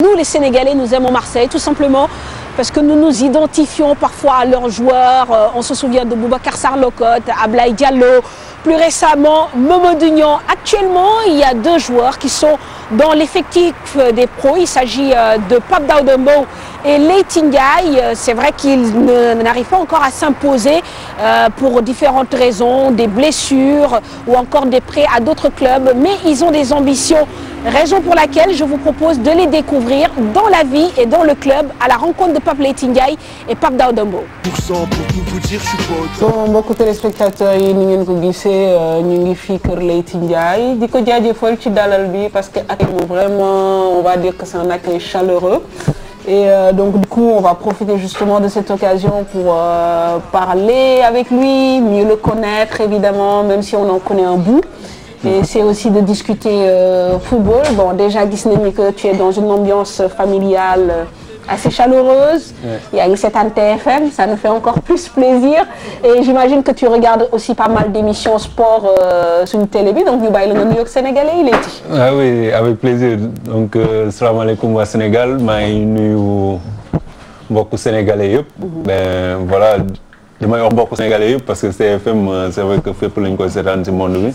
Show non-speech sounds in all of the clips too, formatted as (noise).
Nous, les Sénégalais, nous aimons Marseille, tout simplement parce que nous nous identifions parfois à leurs joueurs. Euh, on se souvient de Boubacar Sarlocote, Ablaï Diallo, plus récemment Momo Dugnan. Actuellement, il y a deux joueurs qui sont dans l'effectif euh, des pros. Il s'agit euh, de Pop Daudembo et Leitingai. Euh, c'est vrai qu'ils n'arrivent pas encore à s'imposer pour différentes raisons, des blessures ou encore des prêts à d'autres clubs, mais ils ont des ambitions. Raison pour laquelle je vous propose de les découvrir dans la vie et dans le club à la rencontre de Pape et Pape Daudembo. gisee euh, ñu ngi fii Kër Leyti Ndiaye di ko jaajëfal ci dalal bi parce que ak bu vraiment on va dire que c'est un accueil chaleureux et euh, donc du coup on va profiter justement de cette occasion pour euh, parler avec lui mieux le connaître évidemment même si on en connaît un bout et c'est aussi de discuter euh, football bon déjà gis nañu que tu es dans une ambiance familiale assez chaleureuse. Il y a une certaine TFM, fait encore (laughs) plaisir. Et j'imagine que tu regardes aussi pas mal d'émissions sport euh, sur une donc ñu bàyyi la nga nuyoog sénégalais ah avec plaisir donc euh, salaamaaleykum waa Sénégal maa ngi nuyu mbokku sénégalais yëpp. Mhm. ben voilà. damay wax mbokk sénégalais yëpp parce que CFM euh, c'est vrai que fépp lañ koy seetaan ci monde bi.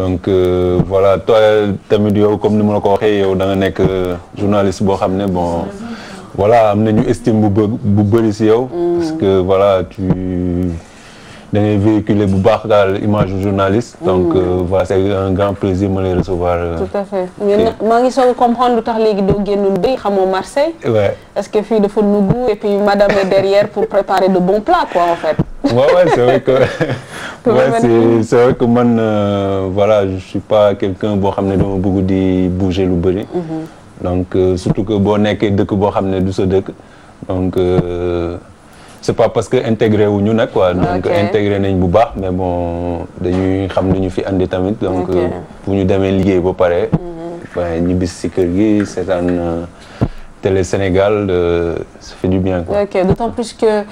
donc euh, voilà toi tamit yow comme ni ma la ko waxee yow da nga nekk euh, journaliste boo xam ne bon. voilà am nañu estime bu bë bu bëri si yow. Mm. parce que voilà tu da ngay véhiculer bu baax daal image journaliste. Mm. donc euh, voilà c' est un grand plaisir ma lay recevoir. Euh, tout à fait maa ngi soog comprendre lu tax léegi doo génnoon béy xamoo Marseille. waaw est ce que fii dafa nugg et puis madame est derrière pour préparer de bons plats quoi en fait. waaw waaw (laughs) vrai que. man euh, voilà je suis pas quelqu'un boo xam ne dama bëgg di bouger lu bëri. Mm-hmm. donc euh, surtout que boo nekkee dëkk boo xam ne du sa dëkk donc euh, c'est pas parce que intégré wu ñu nag quoi. donc intégré nañ bu baax mais bon dañuy xam lu fi andi tamit. donc euh, bu ñu demee liggéey ba pare. Mhm. waaye ñibbis si kër gi seetaan Télé Sénégal ça fait du bien quoi. ok d'autant plus que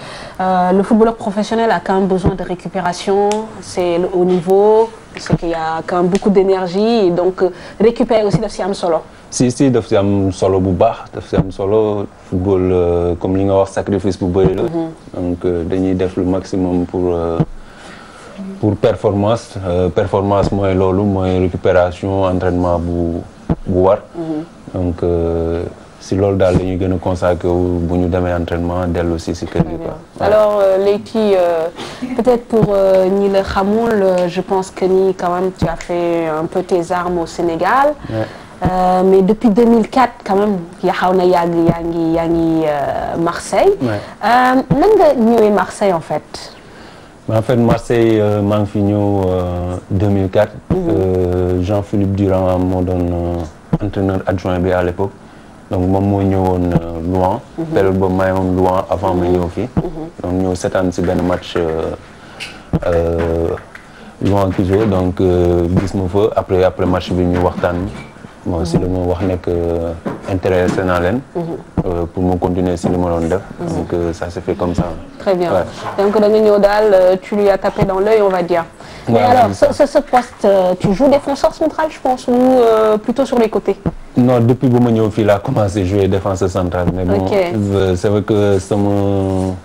le footballeur professionnel a quand même besoin de récupération c'est le haut niveau. ce qui a quand même beaucoup d'énergie donc euh, récupérer aussi daf si am solo. si si daf si am solo bu baax daf si am solo football euh, comme li nga wax sacrifice bu bëri la. Mhm. donc euh, dañuy def le maximum pour pour performance performance mooy loolu mooy récupération entraînement bu bu war. Mhm. si loolu daal la ñuy gën a consacré wu bu ñu demee entrainement dellu si si kër gi quoi. alors euh, Leyti euh, peut-être pour euh, ñi la xamul je pense que ni quand même tu as fait un peu armes au Sénégal. mais depuis 2004 quand même ya xaw na yaa ngi yaa ngi Marseille. nan nga ñëwee Marseille en fait. Marseille maa ngi fi ñëw 2004. Mm -hmm. euh, Jean-Philippe Durand moo doon adjoint bi à l'époque donc moom moo ñëwoon euh, Louga. Mhm. Mhm. période boobu maa ngi woon Louga avant ma ñëw fii. Mhm. donc ñëw seetaan si benn match euh, euh, Louga qui joue donc gis ma fa après après match bi ñu waxtaan. moo si li ma wax nekk intéressé naa leen. pour mu continuer si li ma doon donc ça s'est fait comme ça. très bien donc da daal tu lui as tapé dans l'œil on va dire. Mais alors, ce, ce, ce, poste, tu joues défenseur central, je pense, ou euh, plutôt sur les côtés Non, depuis que je suis là, j'ai commencé à jouer défenseur central. Mais bon, okay. c'est vrai que c'est mon,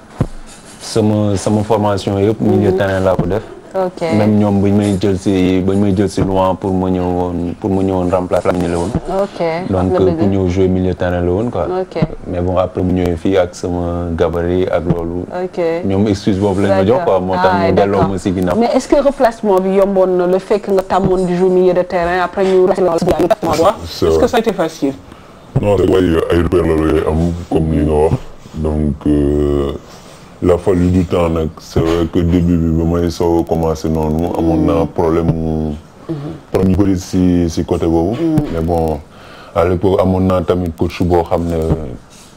mon, mon formation, milieu de terrain là, au def. ok même ñoom bu ñu may jël si bu ñu jël si loin pour ma ñëwoon pour ma ñëwoon remplacer la la woon. ok donc ku ñëw jouer milieu terrain la woon quoi. ok mais bon après mu ñëwee fii ak sama gabarit ak loolu. ok ñoom excuse boobu lañ ma jox quoi moo tax ah, ñu delloo ma si ginnaaw. mais est-ce que remplacement bi yomboon na le fait que nga tàmmoon di jouer milieu de après ñu. est-ce que ça a été facile. non c'est ay repères la lay am comme li nga wax donc. Euh, la fallu du temps nag c'est vrai que début bi ba may soo commencé noonu amoon naa mm. problème mu mm-hmm. problème yu si si côté boobu mm. mais bon à l'époque amoon naa tamit coach boo xam ne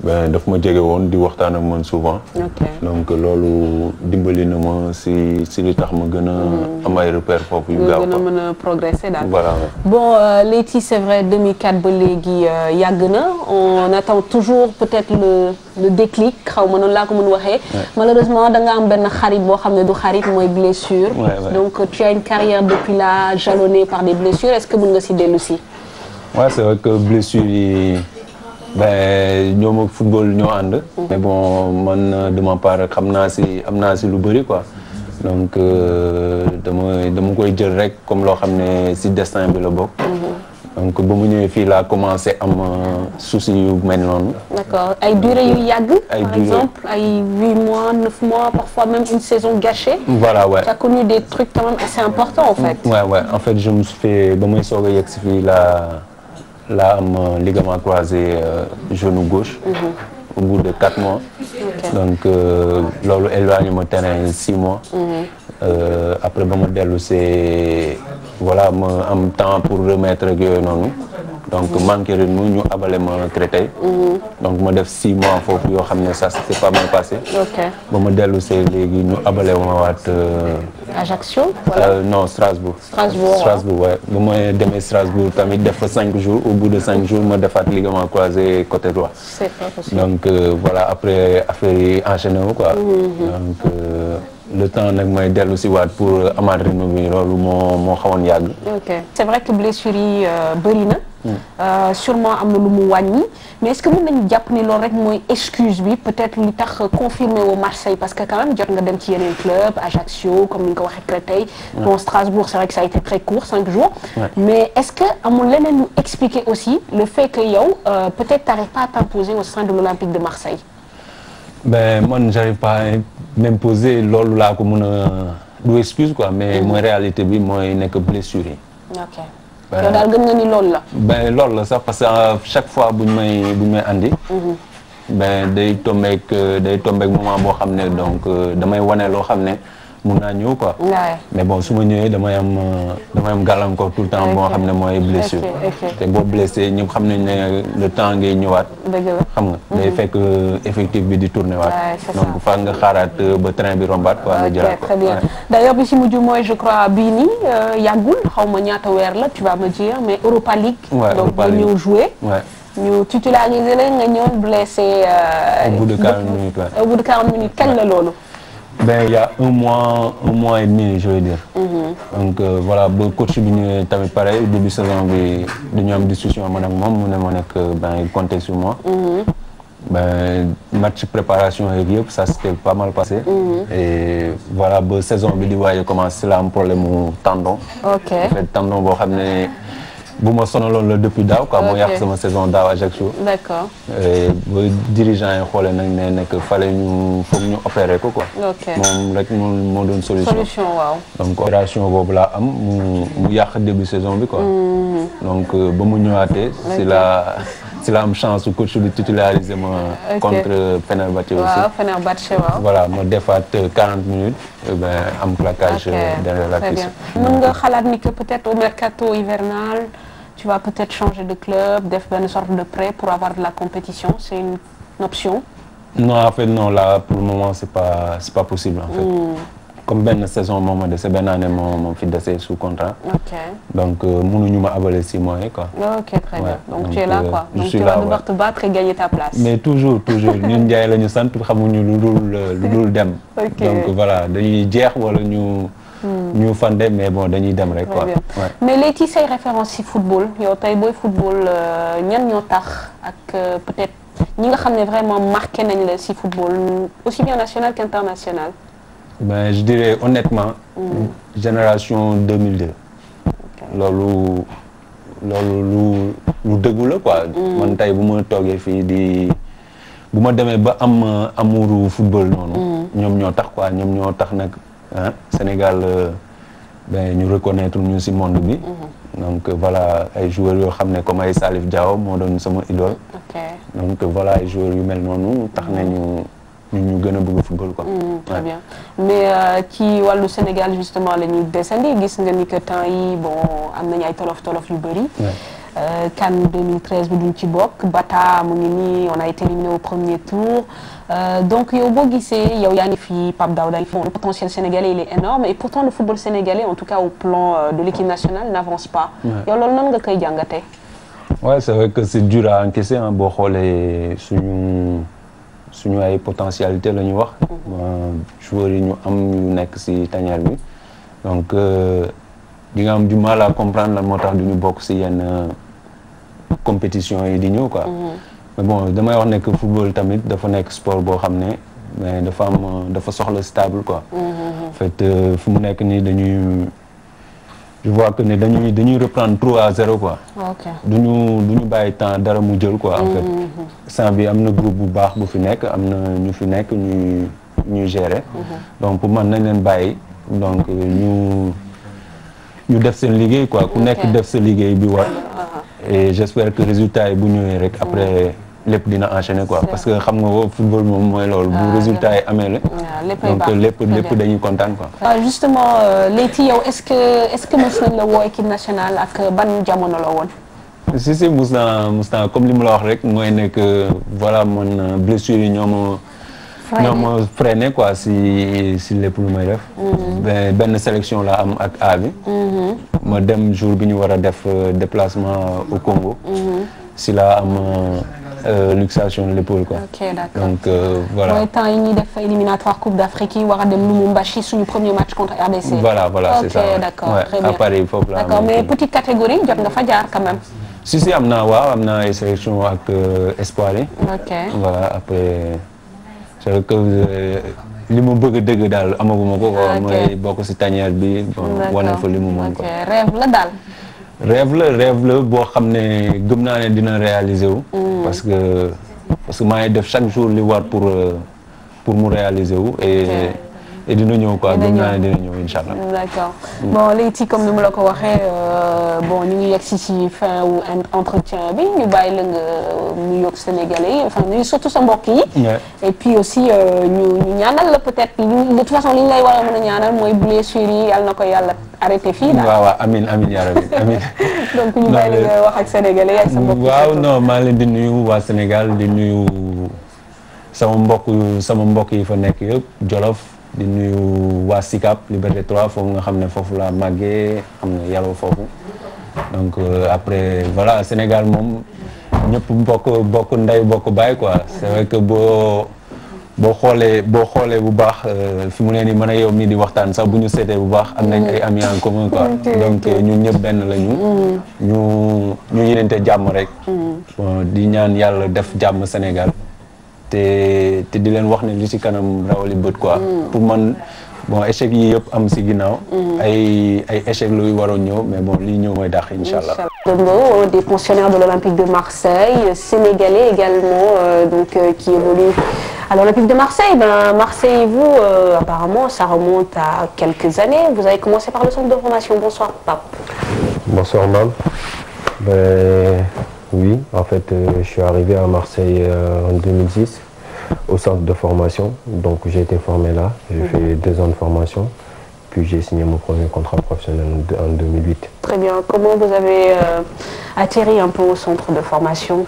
ben daf ma jege woon di waxtaan ak man souvent. donc loolu dimbali na ma si si li tax ma gën a. Hmm. am ay repères foofu yu gaaw nga gën a a progresser daal. voilà bon euh, Leyti c' est vrai 2004 ba léegi euh, yàgg na on attend toujours peut-être le le déclic xaw ma noonu laa ko mën waxee. malheureusement da nga am benn xarit boo xam ne du xarit mooy blessure. donc tu as une carrière depuis là jalonnée par des blessures est-ce que mën nga si dellu si. waaw ben ñoom ak football ñoo ànd. Mm-hmm. bon man euh, de ma part xam naa si am naa si lu bëri quoi. Mm-hmm. donc euh, dama dama koy jël rek comme loo xam ne si destin bi la bokk. Mm-hmm. donc ba mu ñëwee fii laa commencé am euh, soucis yu mel noonu. d'accord ay durée yu yàgg. par exemple huit mois neuf mois parfois même une saison gâchée. voilà ouais. tu as connu des trucs quand même assez en fait. ouais ouais je me fait ba may soog a yegg si fii laa. laa am euh, ligament croisé euh, genou gauche. Mhm. au bout de quatre mois. Okay. donc euh, loolu éloigné ma terrain six mois. Mhm. après ba ma dellu see voilà ma am temps pour remettre ak yooyu noonu. donc manqué ren mu ñu abale ma Créteil mhm. donc ma def six mois foofu yoo xam ne ça s'est pas mal passé ba ma dellu see léegi ñu abale ma waat euh, Ajaccio euh, non Strasbourg Strasbourg waaye ba ma demee Strasbourg tamit def fa cinq jours au bout de cinq jours ma defaat ligament croisé côté droit donc euh, voilà après affaire yi enchaîné wu quoi mhm, mhm. donc le temps nag may dellu si waat pour amaat rythme bi loolu moo moo xawoon yàgg c'est vrai que blessure yi Euh, sûrement am na lu mu wàññi mais est-ce que mën nañu jàpp ni loolu rek mooy excuse bi peut-être lu tax confirmé woo Marseille parce que quand même jot nga dem ci yeneen club Ajaccio comme ni nga ko waxee Créteil. bon Strasbourg c'est vrai que ça a été très court cinq jours. mais est-ce que amul leneen lu expliquer aussi le fait que yow euh, peut-être t'arrives pas à t'imposer au sein de l'Olympique de Marseille. ben man j'arrive pas à m'imposer loolu laa ko mën a du excuse quoi mais mm-hmm. mooy réalité bi mooy nekk blessure yi. yow daal gëm nga ni loolu la. ben loolu la sax parce que euh, chaque fois buñ may buñ may andi. Mhm. ben day tombeek euh, day tombeek moment boo xam ne donc euh, damay wane loo xam ne. mun naa ñëw quoi. mais bon su ma ñëwee damay am euh, damay am gàllankoor tout le temps boo xam ne mooy blessure. te boo blessé ñëpp xam nañ ne le temps ngay ñëwaat. xam nga mhm. day fekk euh, effectif bi di tourné waat. donc fa nga xaaraat euh, ba train bi rombaat quoi nga jëlaat ko. très bien d'ailleurs bi si mujj mooy je crois bii nii yàggul xaw ma ñaata weer la tu vas me dire mais Europa League. donc nga ñëw joué. ñu titularisé la nga ñëw blessé. au bout de 40 minutes waaw au bout ben il y a un mois un mois et demi je veux dire. Mm -hmm. donc euh, voilà ba coach bi ñu tamit pareil début saison bi dañu am discussion man ak moom mu ne ma nekk ben il comptait sur moi. Mm -hmm. ben match préparation yeeg yëpp ça s'était pas mal passé. Mm -hmm. et voilà ba saison bi di waaye commencé la am problème mu tendon. ok en fait tendon boo bu ma sonaloon la depuis daaw quoi moo yàq sama saison daaw Ajaccio. d'accord ba dirigeant yi xoolee nag ne nekk fale ñu foog ñu opérer ko quoi. moom rek moom moo doon solution. solution waaw. donc opération boobu laa am mu mu yàq début saison bi quoi. Mm. donc euh, ba mu ñëwaatee. si la si la am chance su coach bi titulariser ma. contre Fenerbahçe aussi. waaw Fenerbahçe waaw. voilà ma defaat 40 euh, minutes. Eh am claquage euh, derrière la cuisse. mun nga xalaat ni que peut-être au tu vas peut-être changer de club def benn sorte de prêt pour avoir de la compétition c'est une, une option. non en fait non là pour le moment c'est pas c'est pas possible en fait. Mm. comme benn saison moom ma dese benn année moom moom fi dese sous contrat. ok donc euh, mënuñu ma avalé six mois yi quoi. ok très bien donc tu es là euh, quoi. je suis là donc tu vas devoir te battre et gagner ta place. mais toujours toujours (laughs) ñun Ndiaye la ñu sant xamuñu lu dul euh, lu dul dem. donc voilà dañuy jeex wala ñu. ñu fande mais boo dañuy dem rek quoi. mais léegi ci say référence si football yow tay booy football euh, ñan ñoo tax ak euh, peut-être ñi nga xam ne vraiment marqué nañ la si football aussi bien national qu'international. ben je dirais honnêtement. Mm. génération 2002. Okay. loolu loolu lu lu dëggu la quoi. Mm. man tey bu ma toogee fii di. bu ma demee ba am euh, amuuru football noonu. Mm. ñoom ñoo tax quoi ñoom ñoo tax nag. ah Sénégal euh, ben ñu reconnaître ñu si monde bi. Mm-hmm. donc euh, voilà ay joueurs yoo xam ne comme ay Salif Diao moo doon sama idole. donc euh, voilà ay joueurs yu mel noonu tax nañu. ñun ñu gën a bëgg football quoi. Mm-hmm. bien mais ci wàllu Sénégal justement la ñuy desandi gis nga ni que temps yi bon am nañu ay tolof tolof yu bëri. Euh, CAN 2013 bi duñ ci bokk Bata mu ngi nii on a été éliminé au premier tour euh, donc yow boo gisee yow yaa fi Pape Daouda le potentiel sénégalais il est énorme et pourtant le football sénégalais en tout cas au plan euh, de l'équipe nationale n'avance pas yow loolu nan nga koy jàngatee waaw c'est vrai que c'est dur à encaisser ah boo xoolee suñu suñu ay potentialité la ñu wax mm-hmm. joueurs yi ñu am ñu nekk ci tanière bi donc dinga nga am du mal à comprendre lan moo tax du ñu bokk si yenn compétition yi di ñëw quoi. Mhm. mais bon damay wax nekk football tamit dafa nekk sport boo xam ne mais dafa am dafa soxla stable quoi. Mhm, mhm. en euh, fu mu nekk nii dañuy je vois ne dañuy dañuy reprendre à zéro quoi. ok ñu du bàyyi temps dara mu jël quoi. en fait bi am na groupe bu baax bu fi nekk am na ñu fi nekk ñuy ñuy gérer. donc pour man nañ leen bàyyi donc euh, ñu ñu def seen liggéey quoi ku nekk def sa liggéey bi war. et j'espère que résultat yi bu ñëwee rek après lépp dina enchaîner quoi parce que xam nga woo football moom mooy loolu bu résultat yi amee la donc lépp lépp dañuy kontaan quoi ah, justement euh, Leyti yow est-ce que est-ce que mos nañ la woo équipe nationale ak ban jamono la woon si si mos naa mos naa comme li mu la wax rek mooy nekk voilà man blessure yi ñoom ñoo ma freiné si si lépp lu may def. Mm-hmm. benn sélection la am ak A bi. Mm-hmm. ma dem jour bi ñu war a def euh, déplacement au Congo. Mm-hmm. si la am. Euh, euh, luxation de l'épaule quoi. donc euh, voilà. mooy temps yi ñuy def éliminatoire Coupe d'Afrique yi war a dem Lubumbashi suñu premier match contre RDC. voilà voilà c'est ça d'accord mais petite catégorie jot nga fa jaar si si am na waaw am na ay ak espoir voilà après. c'est que euh, li ma bëgg a dëgg daal amaguma ko quoi mooy bokk si tanière bi wane fa li mu mën ko rêve la daal rêve la rêve la boo xam ne gëm naa ne dina réaliser wu mm. parce que parce que maa ngi def chaque jour li war pour euh, pour mu réaliser wu et dina ñëw ko gëm naa ne dina ñëw incha allah. d' comme ni mu la ko waxee euh, bon ñu ngi yegg si ci fin wu entretien bi ñu bàyyi la nga euh, mu yokk Sénégalais yi surtout sa mbokk yi. et puis aussi euh, ñu ñaanal la peut-être de toute façon li ñu lay war a a ñaanal mooy blessure yi yàlla na ko yàlla arrêté fii. waaw waaw amiin amiin yaa rabbi (laughs) amiin. donc ñu bàyyi la wax ak Sénégalais ak sa mbokk. waaw non maa ngi leen di nuyu waa Sénégal di nuyu sama mbokk sama mbokk yi fa nekk yëpp Jolof. di nuyu waa SICAP Liberté 3 foofu nga xam ne foofu laa màggee xam na yaroo foofu donc euh, après voilà Sénégal moom ñëpp bokk bokk ndey bokk baay quoi c'est vrai que boo boo xoolee boo xoolee bu baax euh, fi mu nee nii mën a yow mii di waxtaan sax bu ñu seetee bu baax am nañ ay mm. amis en commun quoi mm, donc ñun ñëpp benn la mm. ñu ñu ñu yénente jàmm rek di ñaan yàlla def jàmm Sénégal te te di leen wax ne li si kanam rawali bët quoi. Mm. pour man bon échec yi yëpp am ci ginnaaw. Mm. ay ay échec luy waroon ñëw mais bon lii ñëw mooy dàq incha allah. Dombo, euh, des pensionnaires de l'Olympique de Marseille, sénégalais également, euh, donc euh, qui évoluent à l'Olympique de Marseille. Ben, Marseille, vous, euh, apparemment, ça remonte à quelques années. Vous avez commencé par le centre de formation. Bonsoir, Pape. Bonsoir, Mam. Ben, Oui, en fait, euh, je suis arrivé à Marseille euh, en 2006 au centre de formation. Donc j'ai été formé là, j'ai mm -hmm. fait deux ans de formation, puis j'ai signé mon premier contrat professionnel en 2008. Très bien. Comment vous avez euh, atterri un peu au centre de formation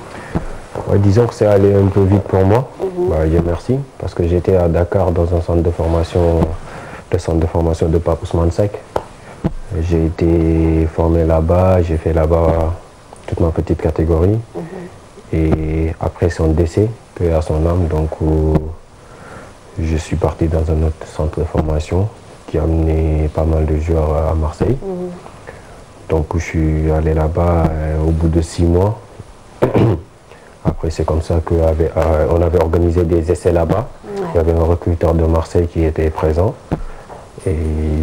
ouais, Disons que c'est allé un peu vite pour moi. Mm -hmm. bah, je merci, parce que j'étais à Dakar dans un centre de formation, le centre de formation de Pape Ousmane Sek. J'ai été formé là-bas, j'ai fait là-bas toute ma petite catégorie. Mm -hmm. Et après son décès, peu à son âme, donc euh, je suis parti dans un autre centre de formation qui a amené pas mal de joueurs à Marseille. Mm -hmm. Donc je suis allé là-bas euh, au bout de six mois. (clears throat) Après, c'est comme ça qu'on avait, euh, on avait organisé des essais là-bas. Ouais. Il y avait un recruteur de Marseille qui était présent. et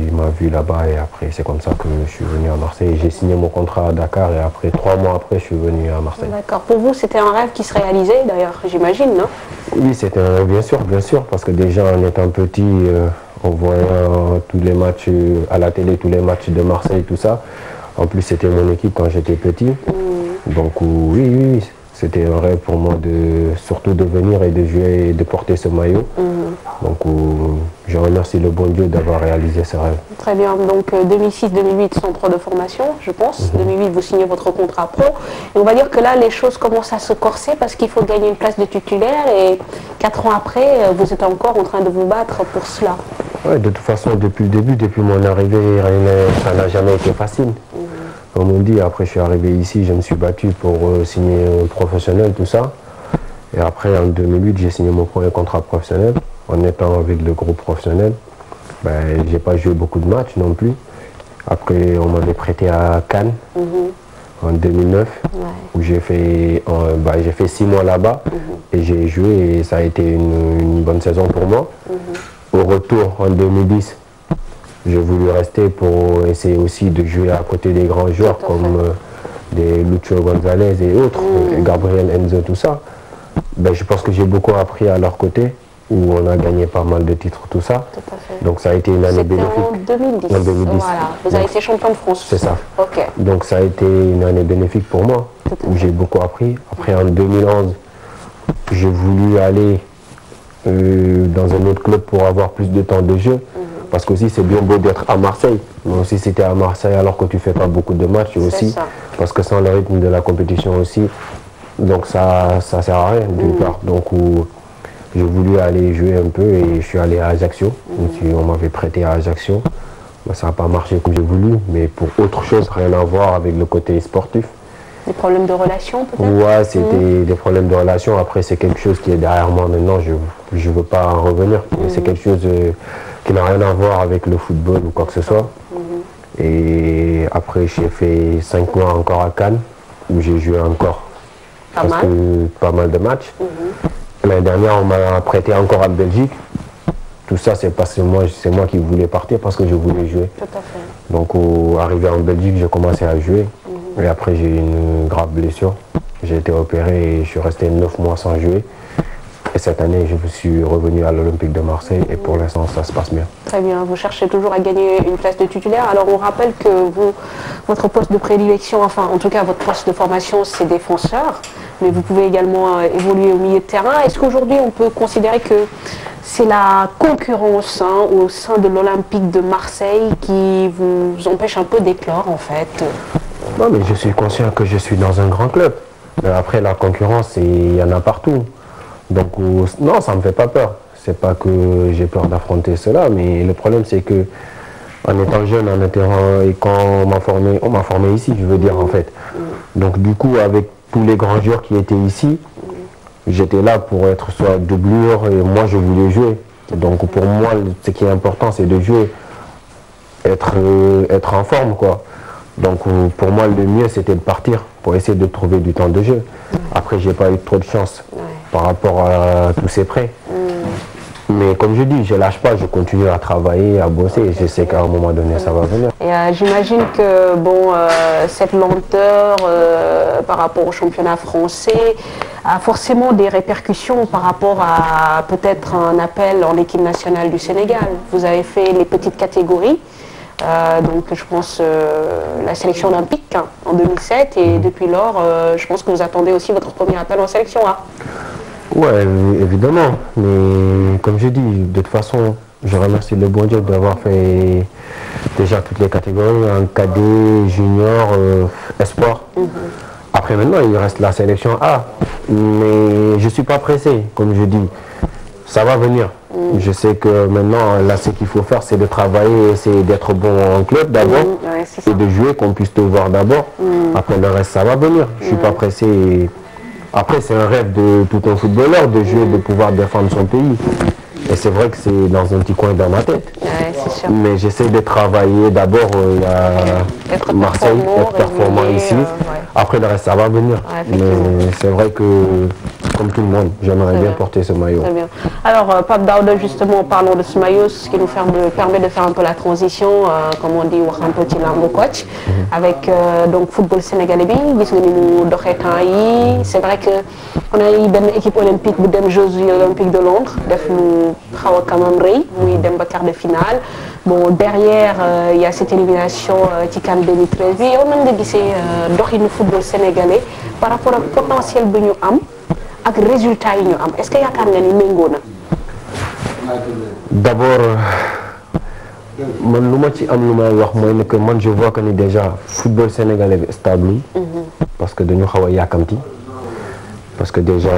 il m'a vu là-bas et après c'est comme ça que je suis venu à Marseille. J'ai signé mon contrat à Dakar et après trois mois après je suis venu à Marseille. D'accord. Pour vous c'était un rêve qui se réalisait d'ailleurs, j'imagine, non Oui, c'était un rêve bien sûr, bien sûr, parce que déjà en étant petit, euh, en voyant euh, tous les matchs euh, à la télé, tous les matchs de Marseille, tout ça. En plus c'était mon équipe quand j'étais petit. Mmh. Donc euh, oui, oui, c'était un rêve pour moi de surtout de venir et de jouer et de porter ce maillot. Mmh. Donc, euh, je remercie le bon Dieu d'avoir réalisé ce rêve. Très bien. Donc, 2006-2008, euh, centre de formation, je pense. Mm -hmm. 2008, vous signez votre contrat pro. Et on va dire que là, les choses commencent à se corser parce qu'il faut gagner une place de titulaire. Et quatre ans après, euh, vous êtes encore en train de vous battre pour cela. Oui, de toute façon, depuis le début, depuis mon arrivée, ça n'a jamais été facile. Mm -hmm. Comme on dit, après, je suis arrivé ici, je me suis battu pour euh, signer un professionnel, tout ça. Et après, en 2008, j'ai signé mon premier contrat professionnel. en étant avec le groupe professionnel. Ben, j'ai pas joué beaucoup de matchs non plus. Après, on m'avait prêté à Cannes mm -hmm. en 2009, ouais. où j'ai fait, euh, ben, j'ai fait six mois là-bas mm -hmm. et j'ai joué et ça a été une, une bonne saison pour moi. Mm -hmm. Au retour en 2010, j'ai voulu rester pour essayer aussi de jouer à côté des grands joueurs comme euh, des Lucho Gonzalez et autres, et mhm. Gabriel Enzo, tout ça. Ben, je pense que j'ai beaucoup appris à leur côté où on a gagné pas mal de titres, tout ça. Tout à fait. Donc ça a été une année bénéfique. en 2010. En 2010. Voilà. Vous avez Donc, été champion de France. C'est ça. Okay. Donc ça a été une année bénéfique pour moi, où j'ai beaucoup appris. Après, en 2011, j'ai voulu aller euh, dans un autre club pour avoir plus de temps de jeu. Mm -hmm. Parce que aussi c'est bien beau d'être à Marseille, mais aussi si tu es à Marseille alors que tu fais pas beaucoup de matchs aussi, ça. parce que sans le rythme de la compétition aussi, donc ça ça sert à rien d'une mm -hmm. part. Donc où, J'ai voulu aller jouer un peu et je suis allé à Ajaccio. Mmh. On m'avait prêté à Ajaccio. Bah, ça n'a pas marché comme j'ai voulu, mais pour autre chose, rien à voir avec le côté sportif. Des problèmes de relation peut-être Ouais, c'était mmh. des problèmes de relation. Après, c'est quelque chose qui est derrière moi maintenant. Je ne veux pas en revenir. Mmh. C'est quelque chose euh, qui n'a rien à voir avec le football ou quoi que ce soit. Mmh. Et après, j'ai fait 5 mois encore à Cannes, où j'ai joué encore pas mal. Que, pas mal de matchs. Mm -hmm. L'année dernière, on m'a prêté encore à Belgique. Tout ça, c'est parce que moi, c'est moi qui voulais partir parce que je voulais jouer. Tout à fait. Donc, au, arrivé en Belgique, j'ai commencé à jouer. Mm -hmm. Et après, j'ai eu une grave blessure. J'ai été opéré et je suis resté 9 mois sans jouer. Et cette année, je suis revenu à l'Olympique de Marseille et pour l'instant, ça se passe bien. Très bien. Vous cherchez toujours à gagner une place de titulaire. Alors, on rappelle que vous, votre poste de prédilection, enfin, en tout cas, votre poste de formation, c'est défenseur. Mais vous pouvez également euh, évoluer au milieu de terrain. Est-ce qu'aujourd'hui, on peut considérer que c'est la concurrence hein, au sein de l'Olympique de Marseille qui vous empêche un peu d'éclore, en fait Non, mais je suis conscient que je suis dans un grand club. Après, la concurrence, il y en a partout. Donc, euh, non, ça ne me fait pas peur. C'est pas que j'ai peur d'affronter cela, mais le problème, c'est que en étant jeune, en étant, et quand on m'a formé, on m'a formé ici, je veux dire, en fait. Donc, du coup, avec tous les grands joueurs qui étaient ici, j'étais là pour être soit doublure, et moi, je voulais jouer. Donc, pour moi, ce qui est important, c'est de jouer, être, euh, être en forme, quoi. Donc euh, pour moi, le mieux, c'était de partir pour essayer de trouver du temps de jeu. Après, j'ai pas eu trop de chance. par rapport à tous ces prêts. Mm. Mais comme je dis, je lâche pas, je continue à travailler, à bosser. Et je sais qu'à un moment donné, ça va venir. Et euh, j'imagine que bon, euh, cette lenteur euh, par rapport au championnat français a forcément des répercussions par rapport à peut-être un appel en équipe nationale du Sénégal. Vous avez fait les petites catégories. Euh, donc je pense euh, la sélection olympique hein, en 2007 et mm. depuis lors euh, je pense que vous attendez aussi votre premier appel en sélection A. Hein. Ouais, évidemment. Mais comme je dis, de toute façon, je remercie le bon Dieu d'avoir fait déjà toutes les catégories, en cadet, junior, euh, espoir. Mm -hmm. Après maintenant, il reste la sélection A. Mais je ne suis pas pressé, comme je dis. Ça va venir. Mm. Je sais que maintenant, là, ce qu'il faut faire, c'est de travailler, c'est d'être bon en club d'abord. Mm. Ouais, et de jouer, qu'on puisse te voir d'abord. Mm. Après le reste, ça va venir. Je ne suis mhm. pas pressé. Et Après, c'est un rêve de tout un footballeur de jouer, de mm. pouvoir défendre son pays. Et c'est vrai que c'est dans un petit coin dans ma tête. Ouais, sûr. Mais j'essaie de travailler d'abord euh, à être Marseille, être performant ici. Euh, ouais. Après, le reste, ça va venir. Ouais, mais c'est vrai que, comme tout le monde, j'aimerais bien, bien, porter ce maillot. Bien. Alors, euh, Pape Daouda, justement, parlons de ce maillot, ce qui nous de, permet de faire un peu la transition, euh, comme on dit, un petit langue coach, mhm. avec euh, donc football sénégalais. C'est vrai qu'on a eu une équipe olympique, des Jeux olympiques de Londres, nous avons quand même réussi, nous avons quart de finale. bon derrière euh, il y a cette élimination ci CAN 2013 bi yow nan nga gisee doxinu football sénégalais par rapport ak potentiel bi ñu am ak résultat yi ñu am est-ce que yaakaar nga ni méngoo na. d'abord man lu ma ci am lu may wax mooy ne man je vois que ni déjà football sénégalais bi mhm. parce que dañu xaw a yàkkamti parce que déjà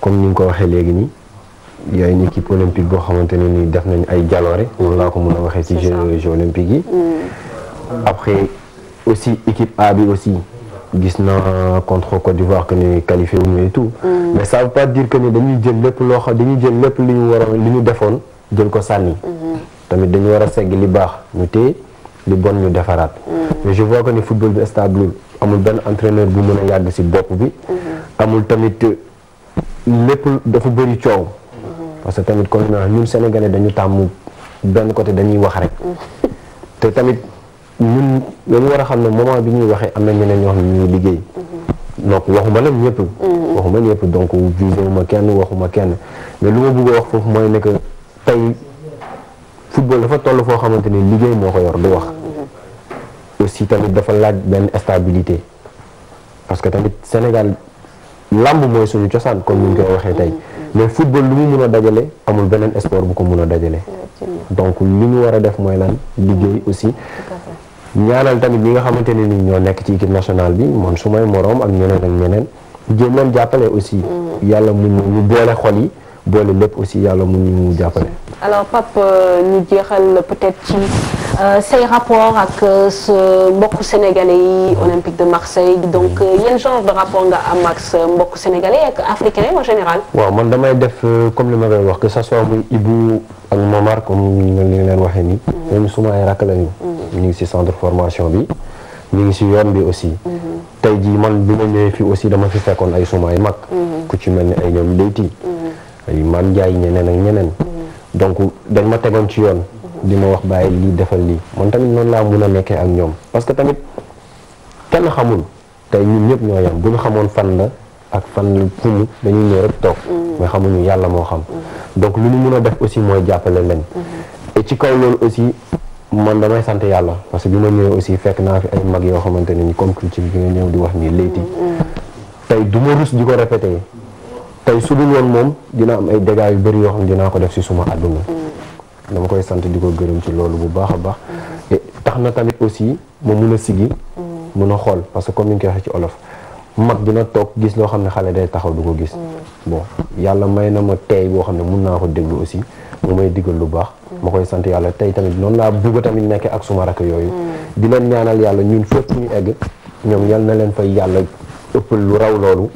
comme ni nga ko waxee léegi nii. yaay une équipe olympique boo xamante ne ni def nañ ay jaloore noonu laa ko mën a waxee ci jeux olympiques yi mm. après aussi équipe A bi aussi gis na contre Côte d'Ivoire que ni qualifié wuñu et tout mm. mais ça veut pas dire que ni dañuy jël lépp loo xam dañuy jël lépp li ñu waroon li ñu defoon jël ko sànni mm-hmm. tamit dañu war a segg li baax ñu téye li bon ñu defaraat mm. mais je vois que ni football bi stable amul benn entraîneur bu mën a yàgg ci bopp bi mm-hmm. amul tamit euh, lépp dafa bëri coow parce que tamit comme euh, ñun sénégalais dañu tàmm benn côté dañuy wax rek. te tamit ñun dañu war a xam ne moment bi ñuy waxee am na ñeneen ñoo xam ne ñuy liggéey. donc waxuma la ñëpp. waxuma donc visé ma kenn waxuma kenn mais lu ma bëgg wax foofu mooy ne que tey football dafa toll foo xamante ni liggéey moo ko yor du wax. aussi tamit dafa laaj benn stabilité parce que tamit Sénégal làmb mooy suñu cosaan comme ni ñu koy waxee tey. mais football lu mu mun a dajale amul beneen sport bu ko mun a dajale. donc li ñu war a def mooy lan liggéey mm-hmm. aussi. ñaanal tamit ñi nga xamante ne ni ñoo nekk ci équipe national bi man su may moroom ak ñeneen ak ñeneen jéem leen jàppale aussi. Mm-hmm. yàlla mu ñu boole xol yi. boole lépp aussi yàlla mu ñu jàppale. alors Pape euh, ñu jeexal peut-être ci euh, say rapport ak euh, sa mbokku sénégalais yi olympique de Marseille donc yan genre nga am ak sa mbokku sénégalais ak africain en général. man damay def comme li ma leen wax que ça soit muy Ibou ak Mamar comme ni nga leen waxee nii. ñoom mhm. suma ay rakk lañu. Mhm. ñu ngi ci centre formation bi. ñu ngi ci yoon bi aussi. Mhm. tey jii man bi ma ñëwee fii aussi dama fi fekkoon ay suma ay mag. ku ci mel ni ay ñoom Leyti. ay maam Ndiaye ñeneen ak ñeneen. donc dañ ma tegoon ci yoon. di ma wax bàyyi lii defal lii man tamit noonu laa mun a nekkee ak ñoom parce que tamit kenn xamul tey ñun ñëpp ñoo yem bu xamoon fan la ak fan la pumu dañuy ñëw rek toog. mais xamuñu yàlla moo xam. donc lu ñu mun a def aussi mooy jàppale leen. et ci kaw loolu aussi man damay sant yàlla parce que bi ma ñëwee aussi fekk naa fi ay mag yoo xamante ne ni comme culture bi nga ñëw di wax nii léegi. tey du rus di ko répété. tey su dul woon moom dina am ay dégâts yu bëri yoo xam ne dina ko def si suma àdduna dama koy sant di ko gërëm ci loolu bu baax a baax tax na tamit aussi ma mun a sigi mun a xool parce que comme ni ñu koy waxee ci olof mag dina toog gis loo xam ne xale day taxaw du ko gis bon yàlla may na ma teey boo xam ne mun naa ko dégg aussi mu may digal lu baax ma koy sant yàlla tey tamit noonu laa bugg tamit nekkee ak suma rakk yooyu di leen ñaanal yàlla ñun fépp ñu egg ñoom yal na leen fay yàlla ëppal lu raw loolu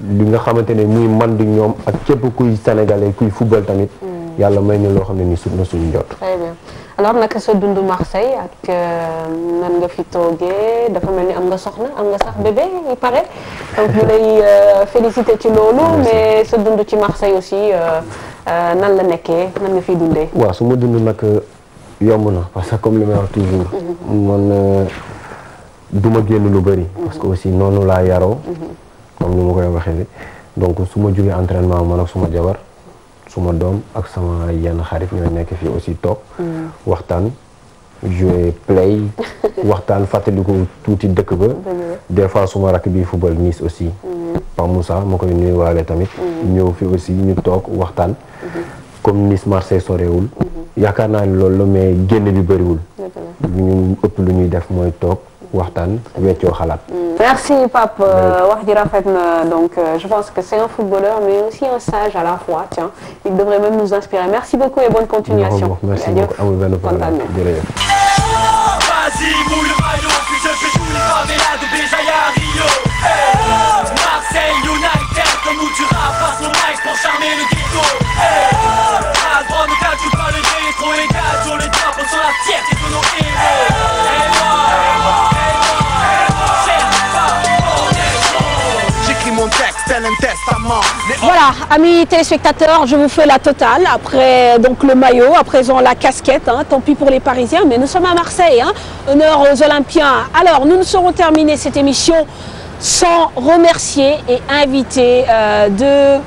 li nga xamante ne muy man di ñoom ak képp kuy sénégalais kuy football tamit. Mm. yàlla may ñu loo xam ne nii sut na suñu njot très bien alors naka sa dund Marseille ak euh, nan nga fi toogee dafa mel ni am nga soxna am nga sax bébé yi pare donc ñu lay euh, félicité ci loolu. mais sa dund ci Marseille aussi euh, nan la nekkee nan nga fi dundee. waaw su ma dund nag yomb na parce que comme li may wax toujours. Mm-hmm. man du ma génn lu bëri. parce que mm-hmm. aussi noonu laa yaroo. Mm-hmm. comme ni ma koy waxee ni donc su ma jógee entraînement man suma jabar suma doom ak sama yenn xarit ñooy nekk fii aussi toog mm. waxtaan jouer play (laughs) waxtaan fàttaliku tuuti dëkk ba des fois suma rakk bi football Nice aussi mm. Pa Moussa ma koy nuyuwaale tamit mm. ñëw fi aussi ñu toog waxtaan mm-hmm. comme Nice Marseille sorewul mm-hmm. yaakaar naa ni loolu la mais génn bi bëriwul ñu ëpp lu ñuy def mooy toog waxtaan weccoo xalaat. merci Pape euh, wax ji rafet na donc euh, je pense que c'est un footballeur mais aussi un sage à la fois tiens il devrait même nous inspirer merci beaucoup et bonne continuation. merci beaucoup Voilà, je vous fais la totale après donc le maillot, à présent la casquette, hein, tant pis pour les Parisiens, mais nous sommes à Marseille, honneur aux Olympiens. Alors, nous ne saurons terminer cette émission sans remercier et inviter euh,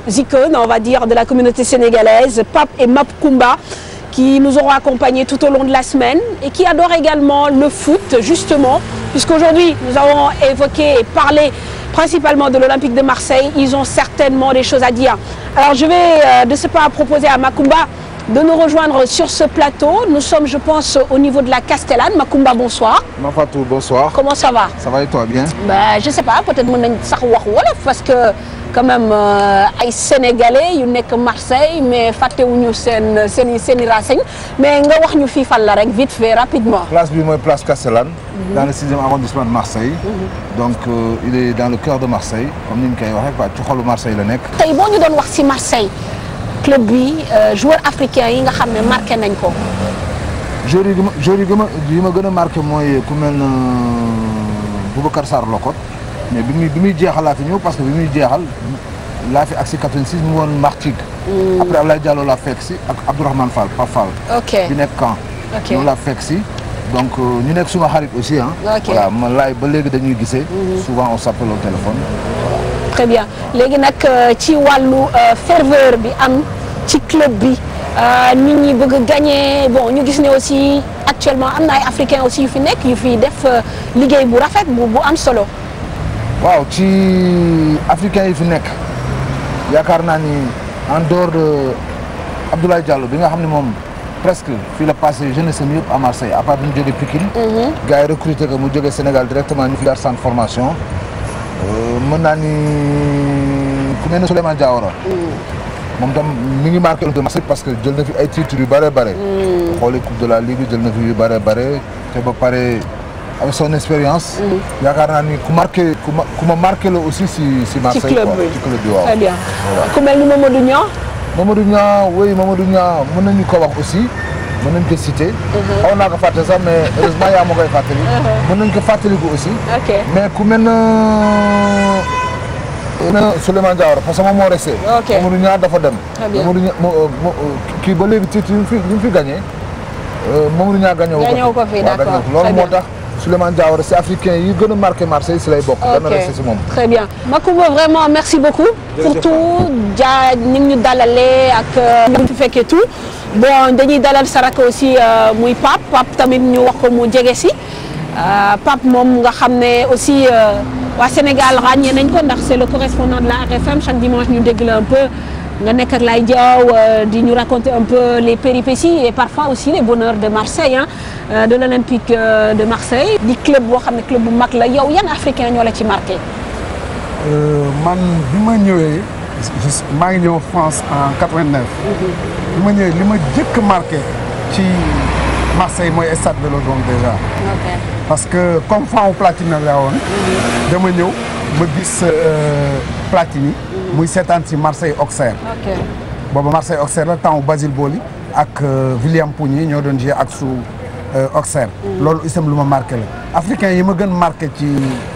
deux icônes, on va dire, de la communauté sénégalaise, Pape et Map Koumba, qui nous auront accompagnés tout au long de la semaine et qui adorent également le foot, justement, puisqu'aujourd'hui, nous avons évoqué et parlé principalement de l'Olympique de Marseille. Ils ont certainement des choses à dire. Alors je vais euh, de ce pas proposer à Makumba de nous rejoindre sur ce plateau. Nous sommes, je pense, au niveau de la Castellane. Makumba, bonsoir. Mafatou, bonsoir. Comment ça va Ça va et toi, bien bah, Je ne sais pas, peut-être que je Wolof parce que, quand même, les euh, Sénégalais, ils sont Marseille, mais ils sont racines. Mais nous avons vite fait, rapidement. Place du place Castellane, mm -hmm. dans le 6e arrondissement de Marseille. Mm -hmm. Donc, euh, il est dans le cœur de Marseille. Comme nous l'avons dit, il est Marseille. Marseille. club bi euh, joueur africain yi nga xam ne marqué nañ ko. joueur yi yi ma yi ma gën a marqué mooy ku mel na Boubacar Sarr Lokot mais bi muy bi muy jeexal laa fi ñëw parce que bi muy jeexal laa fi ak si 86 mu woon Martigues. Hmm. après Abdoulaye Diallo laa fekk si ak Abdourahmane Fall Pape Fall. ok bi nekk Caen. ok la laa fekk si. donc euh, ñu nekk suma xarit aussi ah. voilà ma laay ba léegi dañuy gisee. Hmm. souvent on s'appelle au téléphone. très bien léegi nag euh, ci wàllu euh, ferveur bi am ci club bi euh, nit ñi bëgg a gagné bon ñu gis ne aussi actuellement am na ay africains aussi yu fi nekk yu fi def liggéey bu rafet bu bu am solo. waaw ci africains yi fi nekk yaakaar naa ni en dehors de Abdoulaye Diallo bi nga xam ne moom. presque fii la passé jeunesse am yëpp à Marseille à part bi mu jógee Pikine. Mhm. gars yi recruté ko mu jógee Sénégal directement ñu fi dar centre formation. Euh, mën naa ni ku mel ne Souleymane Diawara. Mm. moom tam mi ngi marqué le Massi parce que jël na fi ay titres yu bare bare. Mm. xoolee coupe de la ligue jël na fi yu bare bare te ba pare avec son expérience. Mm. yaakaar naa ni ku marqué ku ma ku ma marqué la aussi si si Marseille. ci club bi ci club bi waaw. très bien ku mel ni Mamadou Niang. Mamadou Niang oui Mamadou Niang mën nañu ko wax aussi. mën nañ ko citer. xaw naa ko fàtte sax mais heureusement yaa ma koy fàttali. mën nañ ko fàttaliku aussi. mais ku mel na na Souleymane Diawara parce que moom moo resté. ok Mamadou Niang dafa dem. Mamadou Niang euh, euh, kii ba léegi titre yi mu fi yi mu fi gagné. Euh, Mamadou Niang gagné wu ko. gagné wu ko fii d'accord loolu moo tax. Souleymane Diawara si africain yi gën a marqué Marseille si lay bokk. dana resté si moom. très bien Macoumba vraiment merci beaucoup. pour tout jaa ni ñu dalalee ak. ni mu fi fekkee tout. bon dañuy dalal sarak aussi euh, muy Pape Pape tamit ñu wax ko mu jege si euh, Pape moom nga xam ne aussi euh, waa Sénégal ràññee nañ ko ndax se le correspondant de la RFM chaque dimanche ñu dégg un peu nga nekk ak Laye di ñu raconter un peu les péripéties et parfois aussi les bonheurs de Marseille ah de l'Olympique de Marseille di club boo xam ne club bu mag la yow yan africain ñoo la ci marqué. maa ngi ñëw France en 89. bi mhm. ma ñëwee li ma jëkk marqué ci Marseille mooy stade Vélodrome déjà. parce que comme fan Platini laa woon. Mhm. dama ñëw ma gis euh, Platini. Mhm. muy seetaan si Marseille Auxerre. booba Marseille Auxerre la temps Basile Boli ak euh, William Pougny ñoo doon jouer ak su. Euh, Auxerre. loolu itam lu ma marqué la. africain yi ma gën marqué ci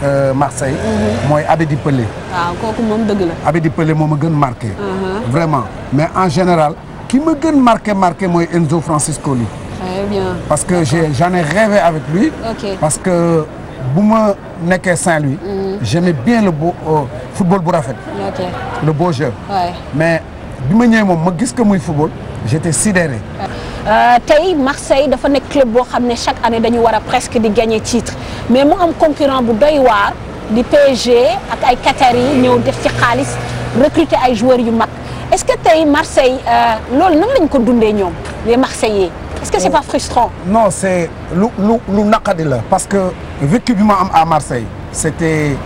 euh, Marseille. Mhm. mooy Abedi Pelé. waaw ah, kooku moom dëgg la. Abedi Pelé moo ma gën marqué. Mhm. vraiment mais en général ki ma gën marqué marqué mooy Enzo Francisco Li. très parce que j'ai j'en ai rêvé avec lui. parce que bu ma nekkee Saint-Louis. Mhm. j'aimais bien le beau euh, football bu rafet. le beau mais bi ma ñëwee moom ma gis que muy football j'étais sidéré. Euh, tey Marseille dafa nekk club boo xam ne chaque année dañu war a presque di gagner titre mais mu am concurrent bu doy waar di PSG ak ay Qatar yi ñëw def ci xaalis recruter ay joueurs yu mag est-ce que tey Marseille euh, loolu nan lañ ko dundee ñoom les Marseillais est-ce que c'est pas frustrant non c'est lu lu lu naqadi la parce que vécu bi ma am à Marseille c'était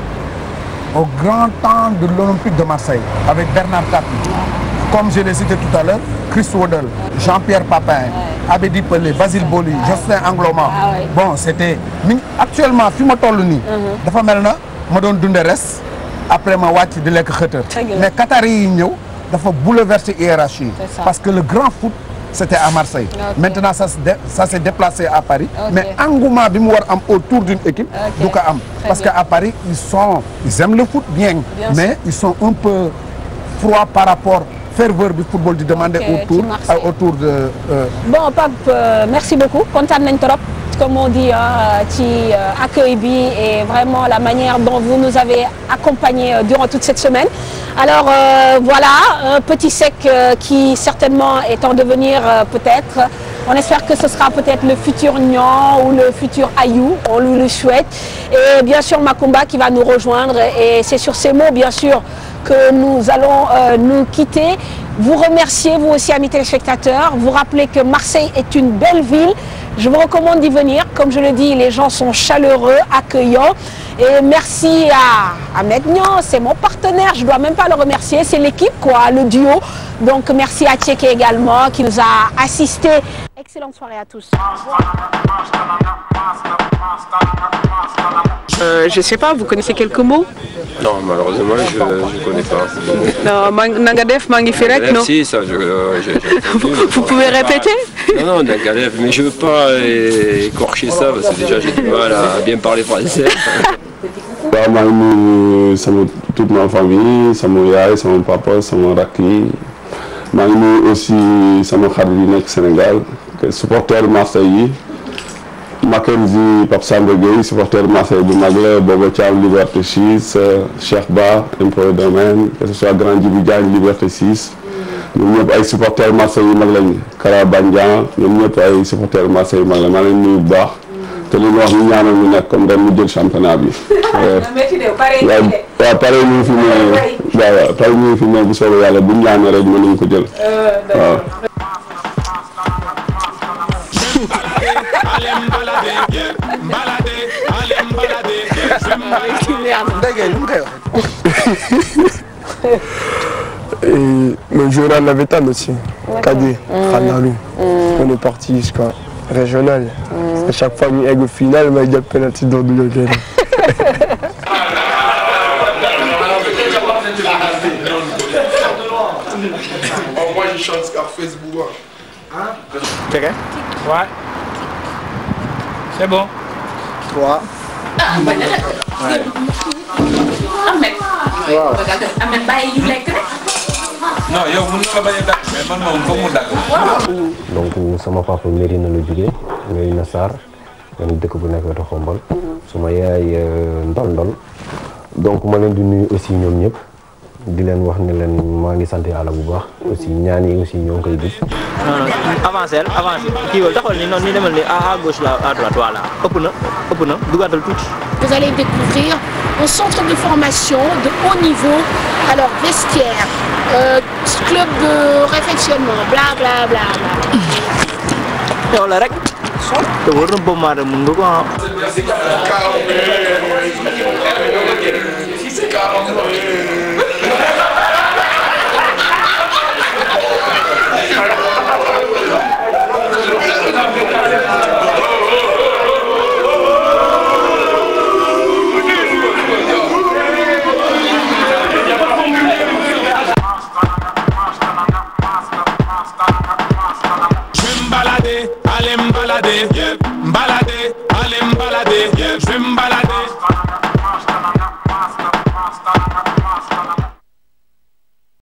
au grand temps de l'Olympique de Marseille avec Bernard Tapie comme je l'ai cité tout à l'heure Chris Waddle Jean-Pierre Papin Abedi Pelé Basile Boli Jocelyn Angloma ah bon c'était mi actuellement fi ma toll nii mhm. dafa mel na ma doon dunde res après ma wàcc di lekk xëtër mais Qatar yi ñëw dafa bouleverser hiérarchie parce que le grand foot c'était à Marseille maintenant ça ça s'est déplacé à Paris mais engouement bi mu war am autour d'une équipe okay. du ko am parce que à Paris ils sont ils aiment le foot bien, bien mais sûr. un peu par rapport ferveur bi football di demander autour euh, autour de euh, bon Pape euh, merci beaucoup kontaan nañ trop comme on dit ci accueil bi et vraiment la manière dont vous nous avez accompagnés durant toute cette semaine alors euh, voilà un petit sec qui certainement est en devenir peut-être on espère que ce sera peut-être le futur Niang ou le futur Ayou, on lui le souhaite et bien sûr Makumba qui va nous rejoindre et c'est sur ces mots bien sûr que nous allons euh, nous quitter. Vous remercier, vous aussi, amis téléspectateurs. Vous rappelez que Marseille est une belle ville. Je vous recommande d'y venir. Comme je le dis, les gens sont chaleureux, accueillants. Et merci à Ahmed Nyan, c'est mon partenaire. Je ne dois même pas le remercier. C'est l'équipe, quoi, le duo. Donc merci à Tcheke également qui nous a assisté. Excellente soirée à tous. Euh, je sais pas, vous connaissez quelques mots Nangadef, Mangifirek, euh, (laughs) non Non, Nangadef, mais je veux pas écorcher ça, parce que déjà, j'ai mal à bien parler français. (laughs) Bah, moi, ça papa, ça mon maa ngi nuyu aussi sama xarit yi nekk Sénégal supporter Marseille yi Mackenzie Pape Samba Gueye supporter Marseille bu mag la Bobo Thiam Liberté 6 Cheikh Ba Impôts et Domaines que ce soit Grand Djibi Diagne Liberté 6 ñoom ñëpp ay supporter Marseille yu mag lañ Kara Bandian ñoom ñëpp ay supporter Marseille yu mag lañ maa leen nuyu bu baax te li wax ñu ñaanal ñu nekk comme ren mu jël championnat bi (laughs) euh, waaw pare ñu fi mu tay ñu fi mais bu soobee yàlla buñ laamee rek mën nañ ko jël waaw. Euh, euh, le jour à la vétane aussi. Kadi, euh. Khanalou. On est parti jusqu'à régional. À chaque fois, il y a le final, mais il y a le pénalty dans le game. Czekaj. donc sama papa Medina la jógee Medina Sarr même dëkk bu nekk wetu Xombol. suma yaay euh, Ndol Ndol. donc ma leen di nuyu aussi ñoom ñëpp. di leen wax ne leen ngi sant yàlla bu baax. aussi ñaan aussi ñoo ngi koy gis. Euh, kii wala taxawal ni noonu ni demal ni à gauche la à droite na ëpp na tuuti. vous allez découvrir un centre de formation de haut niveau alors vestiaire euh, club de réfectionnement bla bla bla bla.